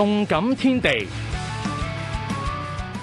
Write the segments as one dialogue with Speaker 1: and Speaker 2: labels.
Speaker 1: 動感天地，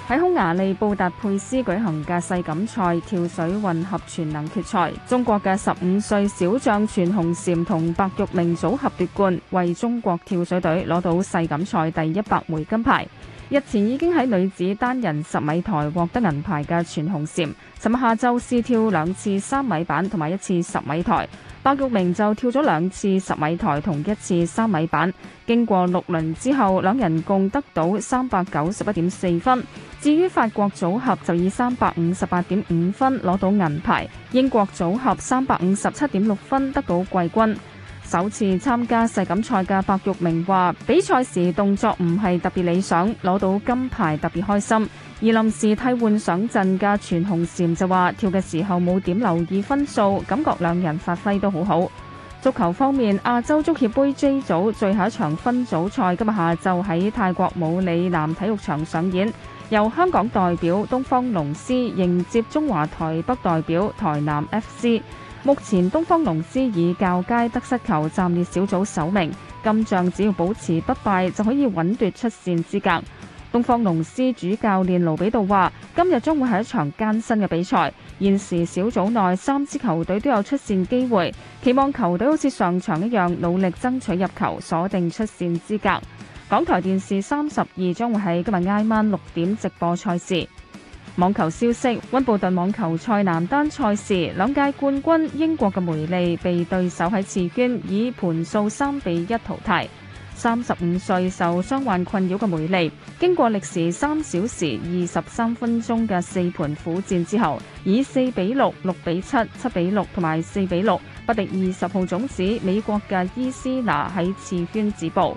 Speaker 1: 喺匈牙利布達佩斯舉行嘅世錦賽跳水混合全能決賽，中國嘅十五歲小將全紅嬋同白鈺鳴組合奪冠，為中國跳水隊攞到世錦賽第一百枚金牌。日前已經喺女子單人十米台獲得銀牌嘅全紅嬋，尋日下晝試跳兩次三米板同埋一次十米台。白鈺鳴就跳咗兩次十米台同一次三米板。經過六輪之後，兩人共得到三百九十一點四分。至於法國組合就以三百五十八點五分攞到銀牌，英國組合三百五十七點六分得到季軍。首次參加世錦賽嘅白鈺鳴話：比賽時動作唔係特別理想，攞到金牌特別開心。而臨時替換上陣嘅全紅嬋就話：跳嘅時候冇點留意分數，感覺兩人發揮都好好。足球方面，亞洲足協盃 J 組最後一場分組賽今日下晝喺泰國武里南體育場上演，由香港代表東方龍獅迎接中華台北代表台南 FC。目前東方龍獅以較佳得失球暫列小組首名，今仗只要保持不敗就可以穩奪出線資格。東方龍獅主教練盧比杜話：今日將會係一場艱辛嘅比賽。現時小組內三支球隊都有出線機會，期望球隊好似上場一樣努力爭取入球，鎖定出線資格。港台電視三十二將會喺今日挨晚六點直播賽事。網球消息：溫布頓網球賽男單賽事，兩屆冠軍英國嘅梅利被對手喺次圈以盤數三比一淘汰。三十五歲受傷患困擾嘅梅利，經過歷時三小時二十三分鐘嘅四盤苦戰之後，以四比六、六比七、七比六同埋四比六，不敵二十號種子美國嘅伊斯拿，喺次圈止步。